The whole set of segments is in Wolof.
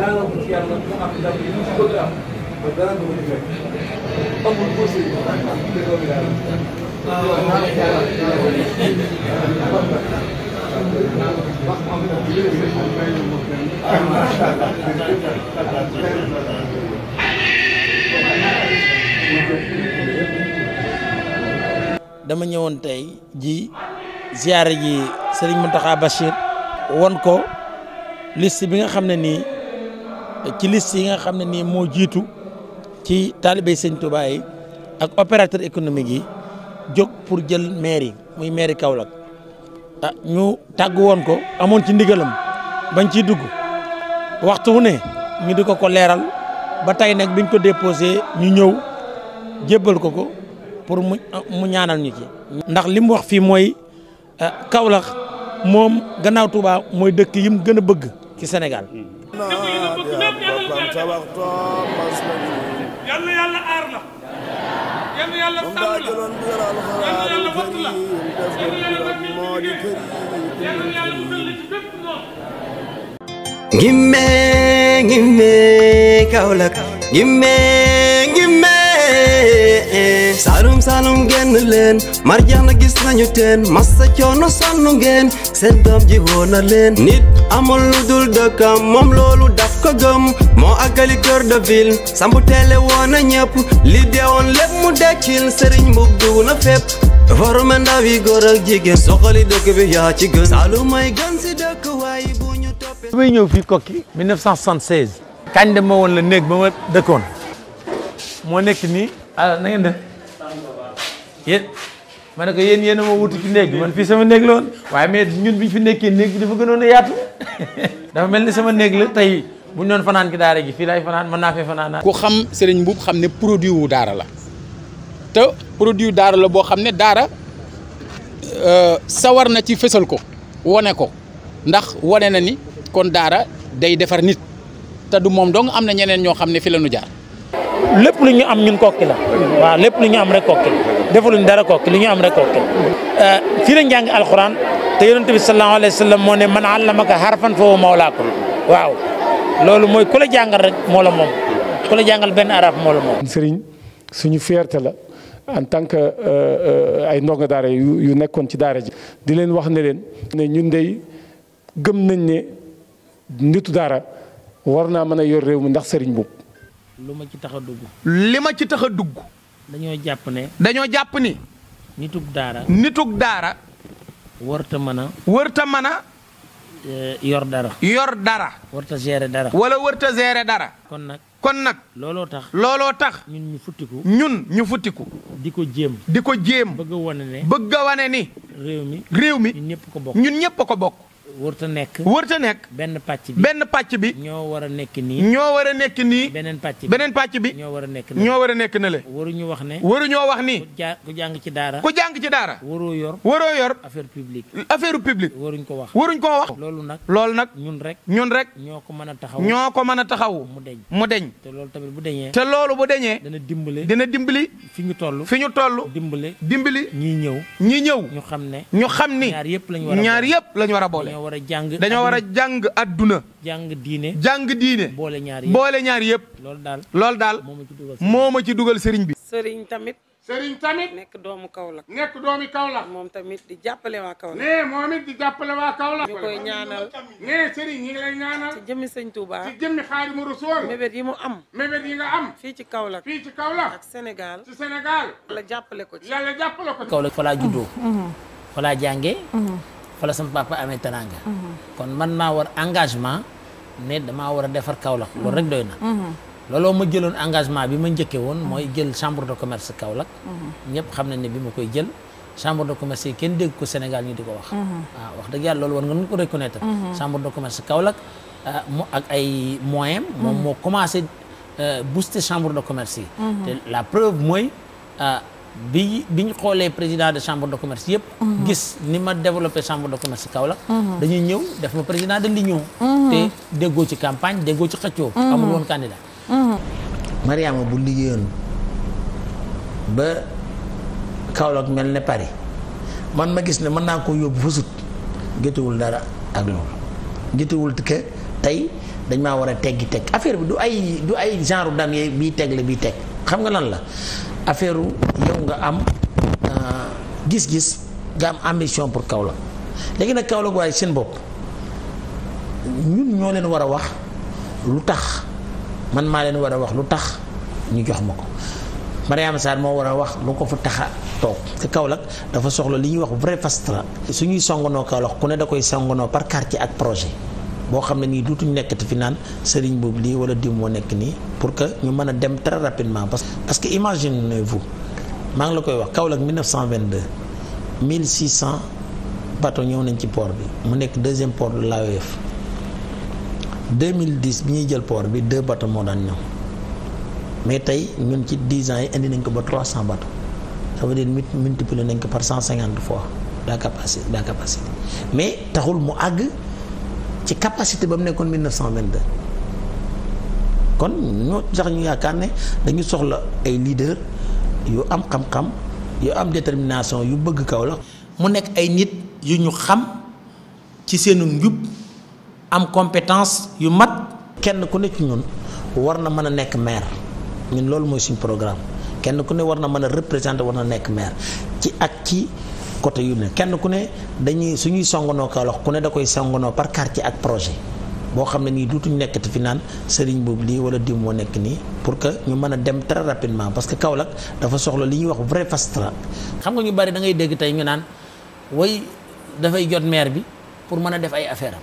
Ah, dama ñëwoon tey ji ziyaare ji Serigne Mountakha Bachir won ko liste bi nga xam ne nii ci liste yi nga xam ne nii moo jiitu ci taalibey sëñ Touba ak opérateur économique yi jóg pour jël mairie muy mairie Kaolack ah, ñu tàggu woon ko amoon ci ndigalam bañ ciy dugg waxtu wu ne ñu di ko ko leeral ba tey nag biñ ko déposé ñu ñëw jébbal ko ko pour mu mu ñaanal ñu ci. ndax li mu wax fii mooy ah, Kaolack moom gannaaw Touba mooy dëkk yi mu gën a bëgg. ci Sénégal. yàlla yàlla aar la. yàlla yàlla sàmm la. yàlla yàlla wattu la. yàlla yàlla musal la ci bépp noonu. Ngimé ngimé Kaolack ngimé. ee saalum saalum génn leen marjaana gis nañu teen massa coono sonn ngeen seen doom ji woona leen nit amul lu dul dëkkam moom loolu daf gëm moo àggali kër de sambu teele woona ñëpp li deewoon lépp mu dekkil sëriñ mbub na fépp waruma ndaw yi góor ak jigéen soxali dëkk bi yaa ci gën saalum may gën si dëkk waaye bu ñu toppee may ñëw fii kokki 1976 kañ dama la néeg ba ma dëkkoon moo nekk nii ah na ngeen def yéen ko yéen yéen a ma wutu ci néeg bi man fii sama néeg la woon waaye mais ñun biñ fi nekkee néeg bi dafa gënoon a yaatu dafa mel ni sama néeg la tey bu ñu doon fanaan ki daara gi fii laay fanaan mën naa fee fanaan ku xam Serigne Mboup xam ne produit wu daara la te produit wu daara la boo xam ne daara euh, sawar na ci fësal ko wane ko ndax wone na ni kon daara day defar nit te du moom dong am na ñeneen ñoo xam ne fi la ñu jaar lépp lu ñu am ñun kokki la waaw lépp lu ñu am rek kokki defaluñ dara kokki lu ñu am rek kokki euh, fii la njàng alxuraan te yonent bi sallallahu alayhi wa moo ne man allamaka harfan fa huwa mawlaaka waaw loolu mooy ku la jàngal rek moo la moom ku la jàngal benn arab moo la moom. sëriñ suñu fierté la en tant que euh, euh, ay ndongo daara yu nekkoon ci daara ji. di leen wax ne leen ne ñun dey gëm nañ ne nitu daara war naa mën a yor réew mi ndax sëriñ boobu. lu ma ci tax a dugg. li ma ci tax a dugg. dañoo jàpp ne. dañoo jàpp ni. nitug daara. nitug daara. warta mën a. warta mën a. Eh, yor dara. yor dara. warta gérer dara. wala warta gérer dara. kon nag. kon nag looloo tax looloo tax ñun ñu futtiku ñun ñu futtiku di ko jéem di ko jéem bëgg a wane bëgg a wane ni réew mi réew mi ñun ñëpp ko bokk ñun ñëpp ko bokk wërta nekk. wërta nekk. benn pàcc bi benn pàcc bi. ñoo war a nekk nii. ñoo war a nekk ni beneen pàcc bi beneen pàcc bi. ñoo war a nekk na ñoo war a nekk na le. waruñu wax ne. waruñoo wax ni. ku jàng ci daara. ku jàng ci daara. waroo yor. waroo yor affaire publique. affaire publique. waruñ ko wax waruñ ko wax. loolu nag loolu nag. ñun rek ñun rek. ñoo ko mën a taxaw ñoo ko mën a taxaw. mu deñ mu deñ. te loolu tamit bu deñee. te loolu bu deñee. dina dimbali dina dimbali. fi ñu toll fi ñu toll. dimbali dimbali. ñii ñëw ñii ñëw. ñu xam ne. ñu xam ni ñaar yëpp lañ war a boole war a jàng. dañoo war a jàng adduna. jàng diine. jàng diine. boole ñaar yëpp boole ñaar yëpp. loolu daal loolu daal. moo ma ci dugal sëriñ bi. sëriñ tamit. sëriñ tamit nekk doomu Kaolack nekk doomi Kaolack moom tamit di jàppale waa Kaolack nee moom it di jàppale waa Kaolack ñu koy ñaanal nee sëriñ ñi ngi lay ñaanal ci jëmmi sëñ Touba ci jëmmi Xaadimu Rasuul mébét yi mu am mébét yi nga am fii ci Kaolack fii ci Kaolack ak senegal ci Sénégal la jàppale ko ci yàlla jàppale ko ci juddoo fa laa mm-hmm. fa la sama papa amee teraanga mhm. kon man maa war engagement ne damaa war a defar Kaolack loolu rek doy na mhm. Mhm. looloo ma jëloon engagement bi ma njëkkee woon mooy jël chambre de commerce Kaolack ñëpp xam nañ ne bi ma koy jël chambre de commerce yi kenn dégg ko Sénégal ñu di ko wax waaw wax dëgg yàlla loolu war nga nu ko reconnaître chambre de commerce Kaolack euh, mu ak ay moyen moom moo commencé euh, booster chambre de commerce yi te la preuve mooy euh, bi bi ñu xoolee président de chambre de commerce yëpp. Mhm. gis ni ma développé chambre de commerce Kaolack. Mhm. dañuy ñëw def ma président de l'union. Mhm. te déggoo ci campagne déggoo ci xëccoo. amul woon candidat. Mariama bu liggéeyoon ba Kaolack mel ne pare man ma gis ne mën naa ko yóbbu fa sut gétewul dara ak loolu gétewul que tey dañ maa war a teggi teg affaire bi du ay du ay genre dam yee bii teg la bii teg xam nga lan la. affaire yow nga am euh, gis-gis nga am ambition pour kawla léegi nag Kaolack waaye seen bopp ñun ñoo leen war a wax lu tax man maa leen war a wax lu tax ñu jox ma ko Mariama Sarr moo war a wax lu ko fa taxa toog te Kaolack dafa soxla li ñuy wax vrai fast track suñuy songonoo Kaolack ku ne da koy songonoo par quartier ak projet boo xam ne nii duutuñ nekkati fi naan sëriñ boobu lii wala diw moo nekk nii pour que ñu mën a dem très rapidement parce que parce que imaginez-vous maa ngi la koy wax Kaolack 1922 1600 bateau ñëw nañ ci port bi mu nekk deuxième port de l'AOF e 2010 bi ñuy jël port bi deux bateaux moo daan ñëw mais tey ñun ci dix ans yi indi nañ ko ba 300 bateaux ça veut dire multiplier nañ ko par 150 fois la capacité la capacité mais taxul mu àgg. ci capacité ba mu nekkoon 1922 kon ñoo tax ñu yaakaar ne dañu soxla ay leader yu am xam-xam yu am détermination yu bëgg kaw la mu nekk ay nit yu ñu xam ci seenu njub am compétence yu mat kenn ku ne ci ñun war na mën a nekk maire ñun loolu mooy suñ programme kenn ku ne war na mën a représenter war na nekk maire ci ak ci côté yu ne kenn ku ne dañuy suñuy songanoo Kaolack ku ne da koy songanoo par quartier ak projet boo xam ne nii duutuñ nekkati fi naan sëriñ boobu lii wala diw moo nekk nii pour que ñu mën a dem très rapidement parce que Kaolack dafa soxla li ñuy wax vrai fast xam nga ñu bari da ngay dégg tey ñu naan way dafay jot maire bi pour mën a def ay affaire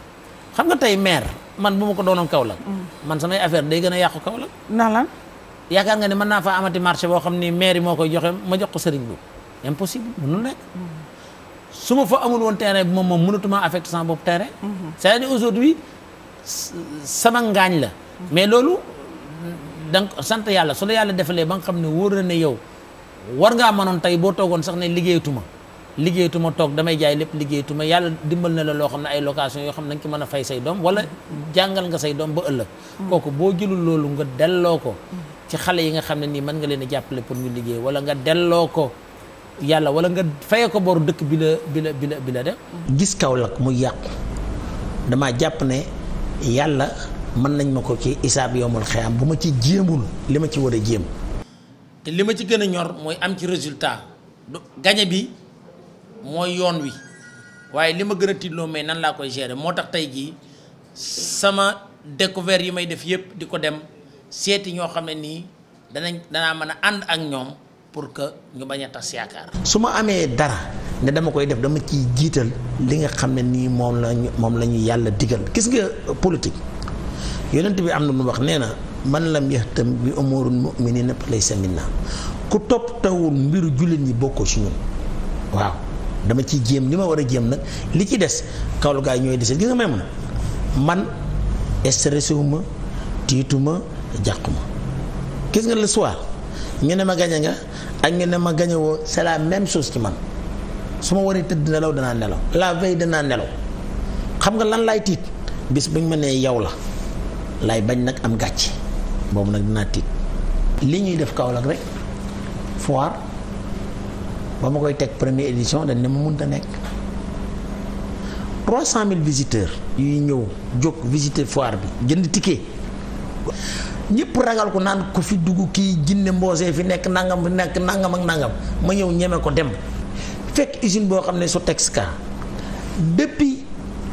xam nga tey maire man bu ma ko doonoon Kaolack mm. man samay affaire day gën a yàqu Kaolack ndax lan yaakaar nga ne mën naa faa amati marché boo xam ni maire yi moo koy joxe ma jox ko sëriñ boobu su ma fa amul woon terrain bi moom moom mënatumaa affecté sama bopp terrain. c'est-à-dire sama ngaañ la. mais loolu donc sant yàlla su la yàlla defalee ba nga xam ne wóor na ne yow war ngaa mënoon tey boo toogoon sax ne liggéeyatuma liggéeyatuma toog damay jaay lépp liggéeyatuma yàlla dimbal na la loo xam ne ay location yoo xam ne da nga ci mën a fay say doom wala jàngal nga say doom ba ëllëg. kooku boo jëlul loolu nga delloo ko. ci xale yi nga xam ne nii mën nga leen a jàppale pour ñu liggéey wala nga delloo ko. yàlla wala nga faye ko bor dëkk bi la bi la bi la bi la dem gis Kaolack mu yàqu dama jàpp ne yàlla mën nañ ma ko ci isaab yombul xeyam bu ma ci jéemul li ma ci war a jéem te li ma ci gën a ñor mooy am ci résultat gañe bi mooy yoon wi waaye li ma gën a tiitloo mais nan laa koy gere moo tax tey jii sama découverte yi may def yëpp di ko dem seeti ñoo xam ne nii danañ danaa mën a ànd ak ñoom pour que ñu bañ a tas yaakaar. su ma amee dara ne dama koy def dama ciy jiital li nga xam ne nii moom la moom la ñu yàlla diggal gis nga politique yonent bi am na lu wax nee na man la lam yahtam bi umurul mu'minina laysa minna ku topp tawul mbiru jullit ñi bokkoo ci ñun waaw dama ciy jéem li ma war a jéem nag li ci des kawlu gaa ñooy desee gis nga may mun man stressé wu ma tiitu jàqu ma gis nga le ñu ma gañe nga ak ñu ne ma gañe woo c'est la même chose ci man su ma waree tëdd nelaw danaa nelaw la veille danaa nelaw xam nga lan lay tiit bis buñ ma nee yow la lay bañ nag am gàcce boobu nag dinaa tiit li ñuy def Kaolack rek foire ba ma koy teg première édition dañ ne ma mënta nekk trois cent mille visiteurs yuy ñëw jóg visiter foir bi jënd ticket ñëpp ragal ko naan ko fi dugg kii jinne mboosee fi nekk nangam fi nekk nangam ak nangam ma ñëw ñeme ko dem fekk usine boo xam ne su Sotexka depuis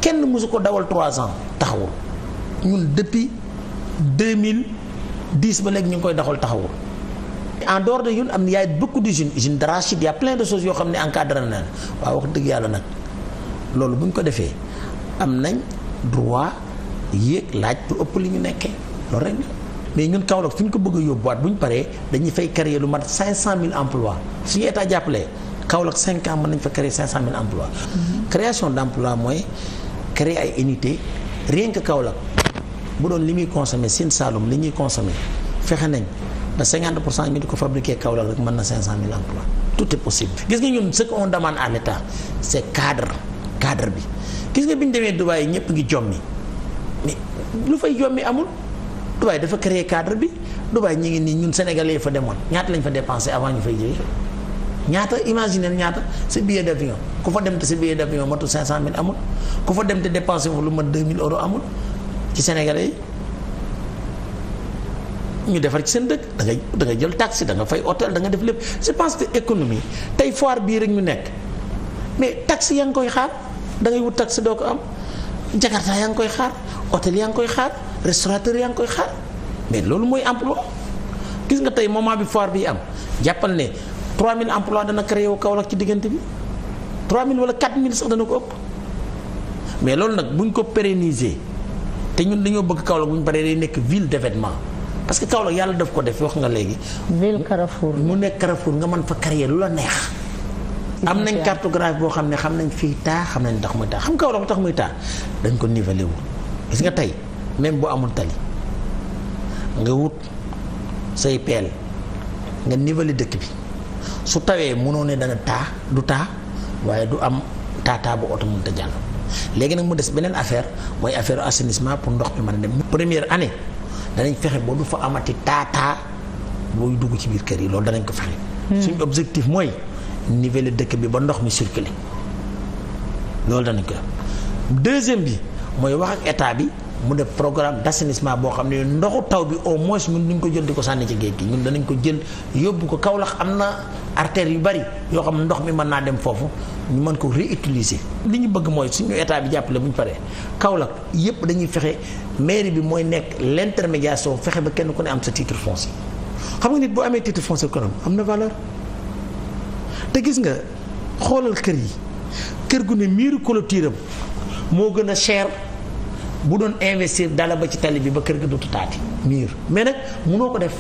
kenn mësu ko dawal trois ans taxawul mun depuis deux mille dix ba léegi ñu ngi koy doxal taxawul. en dehors de ñun am na yaay beaucoup d'usines usine d'arachide y a plein de sos yoo xam ne encadré na waaw wax dëgg yàlla nag loolu bu ñu ko defee am nañ droit yéeg laaj bu ëpp li ñu nekkee loolu rek. mais ñun Kaolack fi ñu ko bëgg a yóbbuwaat bu ñu paree dañuy fay créer lu mat 500000 emplois suñu état jàppalee Kaolack 5 ans mën nañu fa créer 500000 emplois. Mhm. création d' emploi mooy créer ay unité rien que bu doon li muy consommé seen Saloum li ñuy consommé fexe nañ ba 50 pour cent ñu di ko fabriquer Kaolack rek mën na 500000 emplois tout est possible. gis nga ñun ce qu'on demande à l' état c' est cadre cadre bi gis nga bi ñu demee Dubaay ñëpp ngi jommi mais lu fay jommi amul. Dubaï dafa créer cadre bi Dubaï ñu ngi nii ñun sénégalais fa demoon ñaata lañ fa dépensé avant ñu fay jógee ñaata imaginel ñaata sa de d'avion ku fa dem te sa billet d'avion matu 500000 amul ku fa dem te dépensé fu lu mat 2000 euros amul ci sénégalais ñu defar ci seen dëkk da nga da jël taxi da nga fay hôtel da nga def lépp je pense que économie tey foire bii rek ñu nekk mais taxi yaa ngi koy xaar da ngay wut taxi doo ko am jakarta yaa ngi koy xaar hôtel yaa ngi koy xaar. restaurateur yaa ngi koy xaar mais loolu mooy emploi gis nga tey moment bi foire bi am jàppal ne 3000 emplois dana créé wu Kaolack ci diggante bi 3000 wala 4000 sax dana ko ëpp mais loolu nag buñ ko pérenniser te ñun dañoo bëgg Kaolack bu ñu paree day nekk ville d'événement parce que Kaolack yàlla def ko def wax nga léegi. ville Carrefour mu nekk Carrefour nga man fa créer lu la neex. am nañ cartographie boo xam ne xam nañ fii taa xam nañ tax muy taa xam Kaolack tax muy taa dañ ko nivelé wu gis nga tey. même boo amul tali nga wut say peel nga niveler dëkk bi su tawee munoo ne dana taa du taa waaye du am taataa bu oto mënta jàll léegi nag mu des beneen affaire mooy affaire assainissement pour ndox mi man a dem première anne danañ fexe ba du fa amati taataa booy dugg ci biir kër yi loolu danañ ko fexe hmm. suñu objectif mooy niveler dëkk bi ba ndox mi circuler loolu danañ ko def deuxième bi mooy wax ak état bi mu def programme d'assainissement boo xam ne ndoxu taw bi au mun ñun ñu ko jël di ko sànni ci géej gi ñun danañ ko jël yóbbu ko kawlax am na artères yu bari yoo xam ndox mi mën naa dem foofu ñu mën ko réutiliser. li ñu bëgg mooy suñu état bi jàppale bu ñu paree Kaolack yépp dañuy fexe maire bi mooy nekk l'intermédiation fexe ba kenn ku ne am sa titre foncier xam nga nit boo amee titre foncier kon am na valeur te gis nga xoolal kër yi kër gu ne miiru clôture am moo gën a cher. bu doon investir dala ba ci tali bi ba kër ga dootu taati miir mais nag munoo ko def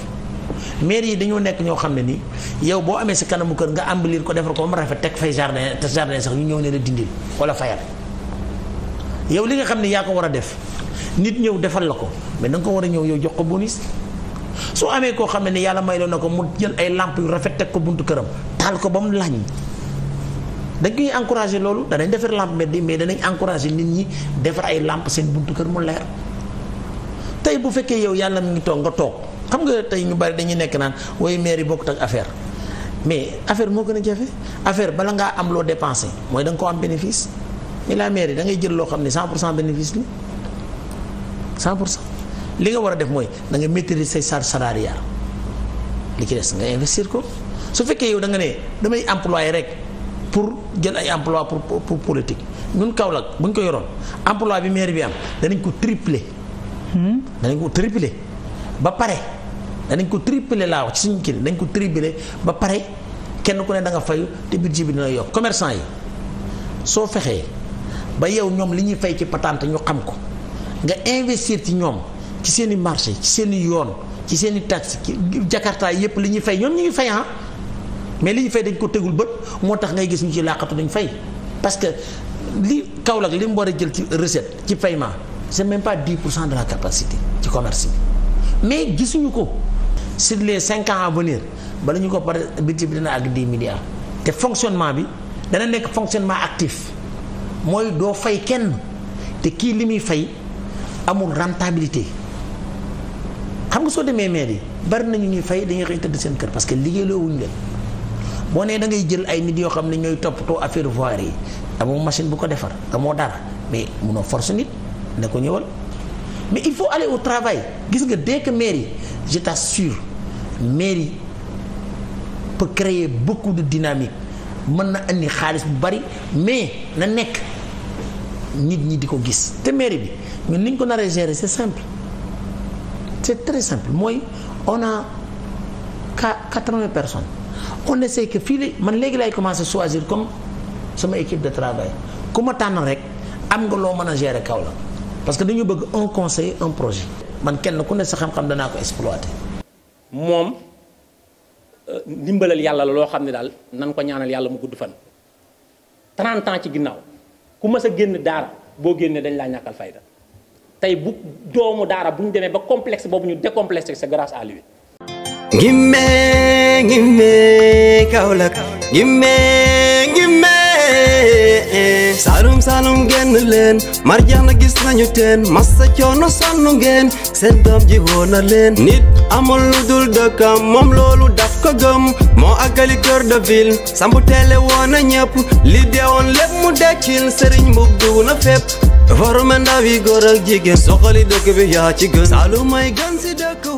maire yi dañoo nekk ñoo xam ne nii yow boo amee si kanamu kër nga embellir ko defar ko ba mu rafet teg fay jardin te jardin sax ñu ñëw ne la dindil wala fayal yow li nga xam ne yaa ko war a def nit ñëw defal la ko mais da nga ko war a ñëw yow jox ko bonus soo amee koo xam ne ni yàlla may doon na ko mu jël ay làmp yu rafet teg ko buntu këram taal ko ba mu lañ dañ koy encouragé loolu danañ defar lampe mbedd mais danañ encouragé nit ñi defar ay lampe seen buntu kër mu leer tey bu fekkee yow yàlla mu ngi toog nga toog xam nga tey ñu bari dañuy nekk naan woy maire yi bokkut ak affaire mais affaire moo gën a jafe affaire bala ngaa am loo dépensé mooy danga ko am bénéfice mais la maire da ngay jël loo xam ne 100 pour cent bénéfice la 100 pour cent li nga war a def mooy da nga maîtriser say li ci des jël ay emploi pour pour politique ñun Kaolack bu ñu ko yoroon emploi bi maire bi am danañ ko tripler. Hmm? danañ ko tripler ba pare danañ ko tripler laa wax ci suñu kii dañ ko tripler ba pare kenn ku ne da nga fayu te budget bi dina yokk commerçant yi soo fexee ba yow ñoom li ñuy fay ci patente ñu xam ko nga investir ci ñoom ci seen i marché ci seen i yoon ci seen i taxe ci Jakarta yépp li ñuy fay ñoom ñu ngi fay ah. mais li ñu fay dañ ko tegul bët moo tax ngay gis ñu ci làqatu dañ fay parce que li Kaolack li mu war a jël ci recette ci paiement c'est même pas 10 pour cent de la capacité ci commerce bi mais gisuñu ko sur les cinq ans à bala ñu ko pare budget bi dana àgg di milliards te fonctionnement bi dana nekk fonctionnement actif mooy doo fay kenn te kii li muy fay amul rentabilité xam nga soo demee maire yi bari nañu ñuy fay dañuy xëy tëdd seen kër parce que liggéey l boo nee da ngay jël ay nit yoo xam ne ñooy toppatoo affaire voirie yi amoo machine bu ko defar amoo dara mais munoo force nit ne ko ñëwal mais il faut ale au travail gis nga dès que mairie je t'assure mairie peut créer beaucoup de dynamique mën na andi xaalis bu bari mais na nekk nit ñi di ko gis te mairie bi ñun ni ñu ko nar a gérer c'est simple c'est très simple mooy on a quatre-vingts personnes. on essaie que fii li man léegi laay commencer choisir comme sama équipe de travail ku ma tànn rek am nga loo mën a gérer kaw la parce que dañu bëgg un conseil un projet man kenn ku ne sa xam-xam danaa ko exploiter. moom euh, ndimbalal yàlla la loo xam ne daal nan ko ñaanal yàlla mu gudd fan 30 ans ci ginnaaw ku mës a génn daara boo génnee dañ laa ñàkkal fayda tey bu doomu daara bu ñu demee ba complexe boobu ñu décomplexé c'est grâce à lui. ngi mee ngi Kaolack Ngimee Ngimee Saalum Saalum génn leen Marjaana gis nañu teen massa coono sonn ngeen seen doom ji woo na leen nit amul lu dul dëkkam moom loolu daf ko gëm moo àggali cœur de ville sambu teele woon a ñëpp li deewoon lépp mu dekkil sëriñ mbub diw na fépp reforme ndaw yi jigéen soxali dëkk bi yaa ci gën